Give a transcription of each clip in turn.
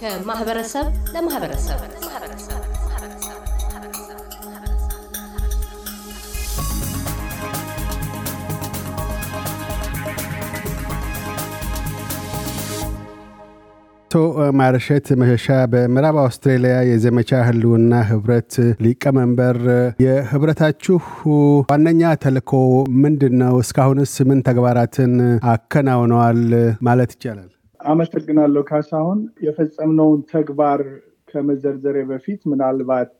ከማህበረሰብ ለማህበረሰብ አቶ ማረሸት መሸሻ በምዕራብ አውስትራሊያ የዘመቻ ህልውና ህብረት ሊቀመንበር፣ የህብረታችሁ ዋነኛ ተልኮ ምንድን ነው? እስካሁንስ ምን ተግባራትን አከናውነዋል ማለት ይቻላል? አመሰግናለሁ ካሳሁን። የፈጸምነውን ተግባር ከመዘርዘሬ በፊት ምናልባት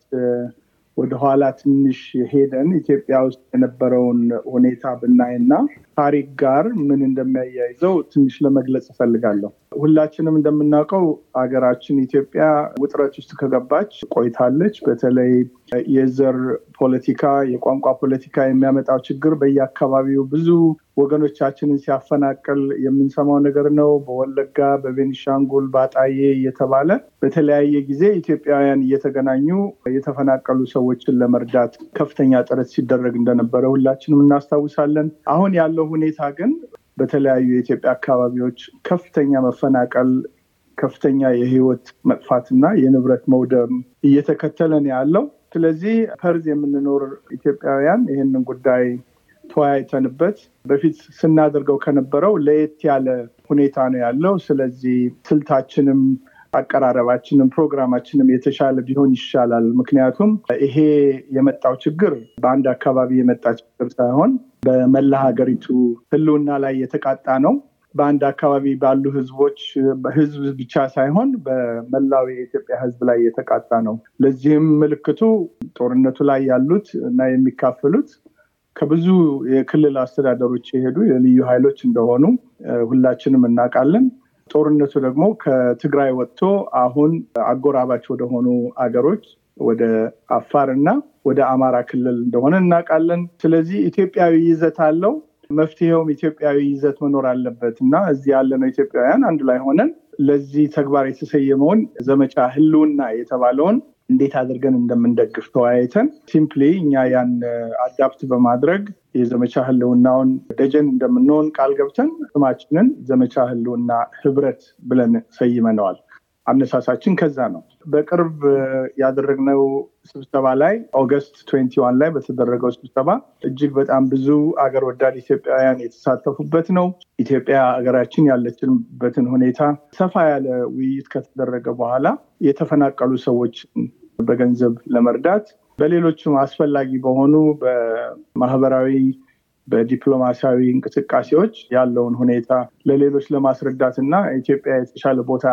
ወደኋላ ትንሽ ሄደን ኢትዮጵያ ውስጥ የነበረውን ሁኔታ ብናይና ታሪክ ጋር ምን እንደሚያያይዘው ትንሽ ለመግለጽ እፈልጋለሁ። ሁላችንም እንደምናውቀው ሀገራችን ኢትዮጵያ ውጥረት ውስጥ ከገባች ቆይታለች። በተለይ የዘር ፖለቲካ፣ የቋንቋ ፖለቲካ የሚያመጣው ችግር በየአካባቢው ብዙ ወገኖቻችንን ሲያፈናቅል የምንሰማው ነገር ነው። በወለጋ፣ በቤኒሻንጉል፣ በአጣዬ እየተባለ በተለያየ ጊዜ ኢትዮጵያውያን እየተገናኙ የተፈናቀሉ ሰዎችን ለመርዳት ከፍተኛ ጥረት ሲደረግ እንደነበረ ሁላችንም እናስታውሳለን። አሁን ያለው ሁኔታ ግን በተለያዩ የኢትዮጵያ አካባቢዎች ከፍተኛ መፈናቀል ከፍተኛ የህይወት መጥፋትና የንብረት መውደም እየተከተለ ነው ያለው። ስለዚህ ፐርዝ የምንኖር ኢትዮጵያውያን ይህንን ጉዳይ ተወያይተንበት በፊት ስናደርገው ከነበረው ለየት ያለ ሁኔታ ነው ያለው። ስለዚህ ስልታችንም አቀራረባችንም ፕሮግራማችንም የተሻለ ቢሆን ይሻላል። ምክንያቱም ይሄ የመጣው ችግር በአንድ አካባቢ የመጣ ችግር ሳይሆን በመላ ሀገሪቱ ህልውና ላይ የተቃጣ ነው። በአንድ አካባቢ ባሉ ህዝቦች ህዝብ ብቻ ሳይሆን በመላው የኢትዮጵያ ህዝብ ላይ የተቃጣ ነው። ለዚህም ምልክቱ ጦርነቱ ላይ ያሉት እና የሚካፈሉት ከብዙ የክልል አስተዳደሮች የሄዱ የልዩ ኃይሎች እንደሆኑ ሁላችንም እናውቃለን። ጦርነቱ ደግሞ ከትግራይ ወጥቶ አሁን አጎራባች ወደሆኑ አገሮች ወደ አፋር እና ወደ አማራ ክልል እንደሆነ እናውቃለን። ስለዚህ ኢትዮጵያዊ ይዘት አለው። መፍትሄውም ኢትዮጵያዊ ይዘት መኖር አለበት እና እዚህ ያለነው ኢትዮጵያውያን አንድ ላይ ሆነን ለዚህ ተግባር የተሰየመውን ዘመቻ ህልውና የተባለውን እንዴት አድርገን እንደምንደግፍ ተወያይተን ሲምፕሊ እኛ ያን አዳፕት በማድረግ የዘመቻ ህልውናውን ደጀን እንደምንሆን ቃል ገብተን ስማችንን ዘመቻ ህልውና ህብረት ብለን ሰይመነዋል። አነሳሳችን ከዛ ነው። በቅርብ ያደረግነው ስብሰባ ላይ ኦገስት ትዌንቲ ላይ በተደረገው ስብሰባ እጅግ በጣም ብዙ አገር ወዳድ ኢትዮጵያውያን የተሳተፉበት ነው። ኢትዮጵያ ሀገራችን ያለችንበትን ሁኔታ ሰፋ ያለ ውይይት ከተደረገ በኋላ የተፈናቀሉ ሰዎች በገንዘብ ለመርዳት በሌሎችም አስፈላጊ በሆኑ በማህበራዊ በዲፕሎማሲያዊ እንቅስቃሴዎች ያለውን ሁኔታ ለሌሎች ለማስረዳት እና ኢትዮጵያ የተሻለ ቦታ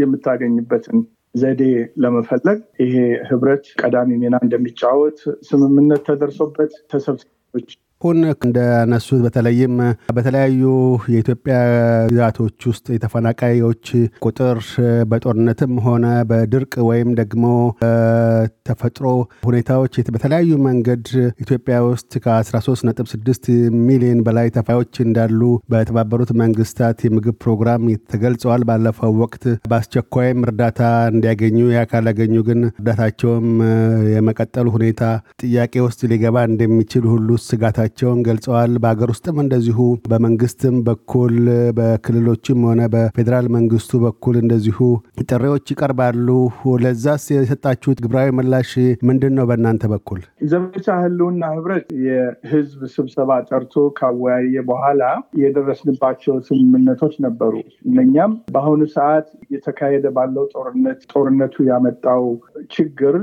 የምታገኝበትን ዘዴ ለመፈለግ ይሄ ህብረት ቀዳሚ ሚና እንደሚጫወት ስምምነት ተደርሶበት ተሰብሳቢዎች ይልቁን እንደነሱት በተለይም በተለያዩ የኢትዮጵያ ግዛቶች ውስጥ የተፈናቃዮች ቁጥር በጦርነትም ሆነ በድርቅ ወይም ደግሞ ተፈጥሮ ሁኔታዎች በተለያዩ መንገድ ኢትዮጵያ ውስጥ ከ13.6 ሚሊዮን በላይ ተፋዮች እንዳሉ በተባበሩት መንግስታት የምግብ ፕሮግራም ተገልጸዋል። ባለፈው ወቅት በአስቸኳይም እርዳታ እንዲያገኙ ያ ካላገኙ ግን እርዳታቸውም የመቀጠሉ ሁኔታ ጥያቄ ውስጥ ሊገባ እንደሚችል ሁሉ ስጋታቸው መሆናቸውን ገልጸዋል። በሀገር ውስጥም እንደዚሁ በመንግስትም በኩል በክልሎችም ሆነ በፌዴራል መንግስቱ በኩል እንደዚሁ ጥሪዎች ይቀርባሉ። ለዛስ የሰጣችሁት ግብራዊ ምላሽ ምንድን ነው? በእናንተ በኩል ዘመቻ ህልውና ህብረት የህዝብ ስብሰባ ጠርቶ ካወያየ በኋላ የደረስንባቸው ስምምነቶች ነበሩ። እነኛም በአሁኑ ሰዓት እየተካሄደ ባለው ጦርነት ጦርነቱ ያመጣው ችግር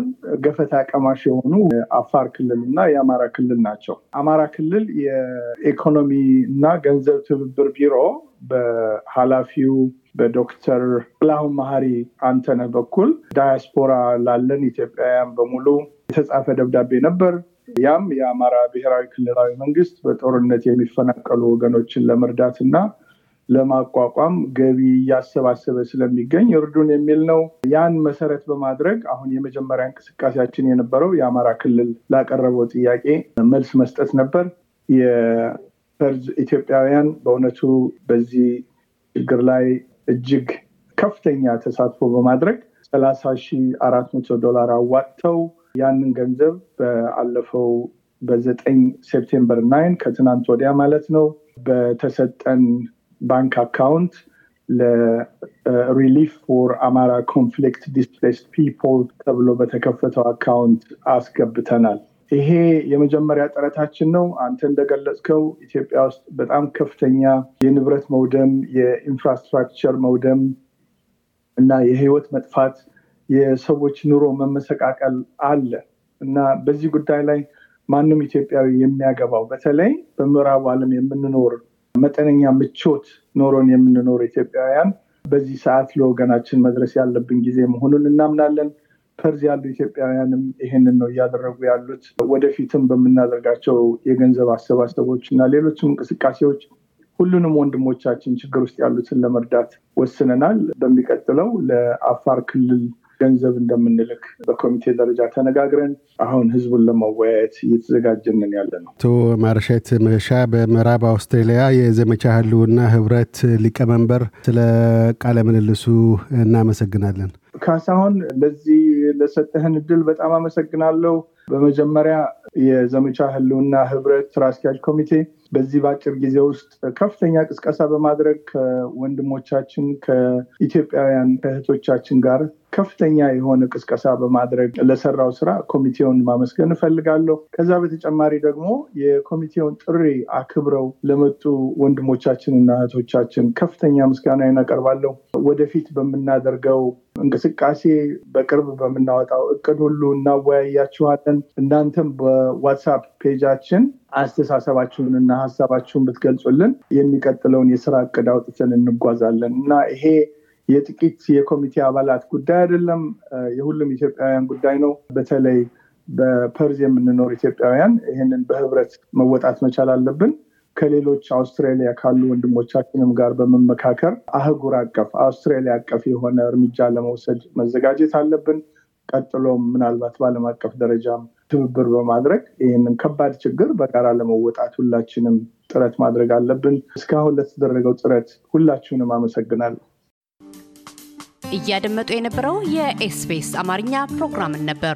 ገፈታ ቀማሽ የሆኑ አፋር ክልል እና የአማራ ክልል ናቸው። አማራ ክልል የኢኮኖሚ እና ገንዘብ ትብብር ቢሮ በኃላፊው በዶክተር ጥላሁን መሀሪ አንተነህ በኩል ዳያስፖራ ላለን ኢትዮጵያውያን በሙሉ የተጻፈ ደብዳቤ ነበር። ያም የአማራ ብሔራዊ ክልላዊ መንግስት በጦርነት የሚፈናቀሉ ወገኖችን ለመርዳት እና ለማቋቋም ገቢ እያሰባሰበ ስለሚገኝ እርዱን የሚል ነው። ያን መሰረት በማድረግ አሁን የመጀመሪያ እንቅስቃሴያችን የነበረው የአማራ ክልል ላቀረበው ጥያቄ መልስ መስጠት ነበር። የፈርዝ ኢትዮጵያውያን በእውነቱ በዚህ ችግር ላይ እጅግ ከፍተኛ ተሳትፎ በማድረግ ሰላሳ ሺህ አራት መቶ ዶላር አዋጥተው ያንን ገንዘብ በአለፈው በዘጠኝ ሴፕቴምበር ናይን ከትናንት ወዲያ ማለት ነው በተሰጠን ባንክ አካውንት ለሪሊፍ ፎር አማራ ኮንፍሊክት ዲስፕሌስድ ፒፖል ተብሎ በተከፈተው አካውንት አስገብተናል። ይሄ የመጀመሪያ ጥረታችን ነው። አንተ እንደገለጽከው ኢትዮጵያ ውስጥ በጣም ከፍተኛ የንብረት መውደም፣ የኢንፍራስትራክቸር መውደም እና የህይወት መጥፋት፣ የሰዎች ኑሮ መመሰቃቀል አለ እና በዚህ ጉዳይ ላይ ማንም ኢትዮጵያዊ የሚያገባው በተለይ በምዕራቡ ዓለም የምንኖር መጠነኛ ምቾት ኖሮን የምንኖር ኢትዮጵያውያን በዚህ ሰዓት ለወገናችን መድረስ ያለብን ጊዜ መሆኑን እናምናለን። ፐርዝ ያሉ ኢትዮጵያውያንም ይህንን ነው እያደረጉ ያሉት። ወደፊትም በምናደርጋቸው የገንዘብ አሰባሰቦች እና ሌሎችም እንቅስቃሴዎች ሁሉንም ወንድሞቻችን ችግር ውስጥ ያሉትን ለመርዳት ወስነናል። በሚቀጥለው ለአፋር ክልል ገንዘብ እንደምንልክ በኮሚቴ ደረጃ ተነጋግረን አሁን ህዝቡን ለማወያየት እየተዘጋጀንን ያለ ነው። አቶ ማርሸት መሻ በምዕራብ አውስትራሊያ የዘመቻ ህልውና ህብረት ሊቀመንበር፣ ስለ ቃለ ምልልሱ እናመሰግናለን። ካሳሁን፣ ለዚህ ለሰጠህን እድል በጣም አመሰግናለሁ። በመጀመሪያ የዘመቻ ህልውና ህብረት ስራ አስኪያጅ ኮሚቴ በዚህ በአጭር ጊዜ ውስጥ ከፍተኛ ቅስቀሳ በማድረግ ከወንድሞቻችን ከኢትዮጵያውያን እህቶቻችን ጋር ከፍተኛ የሆነ ቅስቀሳ በማድረግ ለሰራው ስራ ኮሚቴውን ማመስገን እፈልጋለሁ። ከዛ በተጨማሪ ደግሞ የኮሚቴውን ጥሪ አክብረው ለመጡ ወንድሞቻችንና እህቶቻችን ከፍተኛ ምስጋና ይናቀርባለሁ ወደፊት በምናደርገው እንቅስቃሴ በቅርብ በምናወጣው እቅድ ሁሉ እናወያያችኋለን። እናንተም በዋትሳፕ ፔጃችን አስተሳሰባችሁን እና ሀሳባችሁን ብትገልጹልን የሚቀጥለውን የስራ እቅድ አውጥተን እንጓዛለን እና ይሄ የጥቂት የኮሚቴ አባላት ጉዳይ አይደለም፣ የሁሉም ኢትዮጵያውያን ጉዳይ ነው። በተለይ በፐርዝ የምንኖር ኢትዮጵያውያን ይህንን በህብረት መወጣት መቻል አለብን። ከሌሎች አውስትራሊያ ካሉ ወንድሞቻችንም ጋር በመመካከር አህጉር አቀፍ አውስትራሊያ አቀፍ የሆነ እርምጃ ለመውሰድ መዘጋጀት አለብን። ቀጥሎም ምናልባት በዓለም አቀፍ ደረጃም ትብብር በማድረግ ይህንን ከባድ ችግር በጋራ ለመወጣት ሁላችንም ጥረት ማድረግ አለብን። እስካሁን ለተደረገው ጥረት ሁላችሁንም አመሰግናለሁ። እያደመጡ የነበረው የኤስቢኤስ አማርኛ ፕሮግራምን ነበር።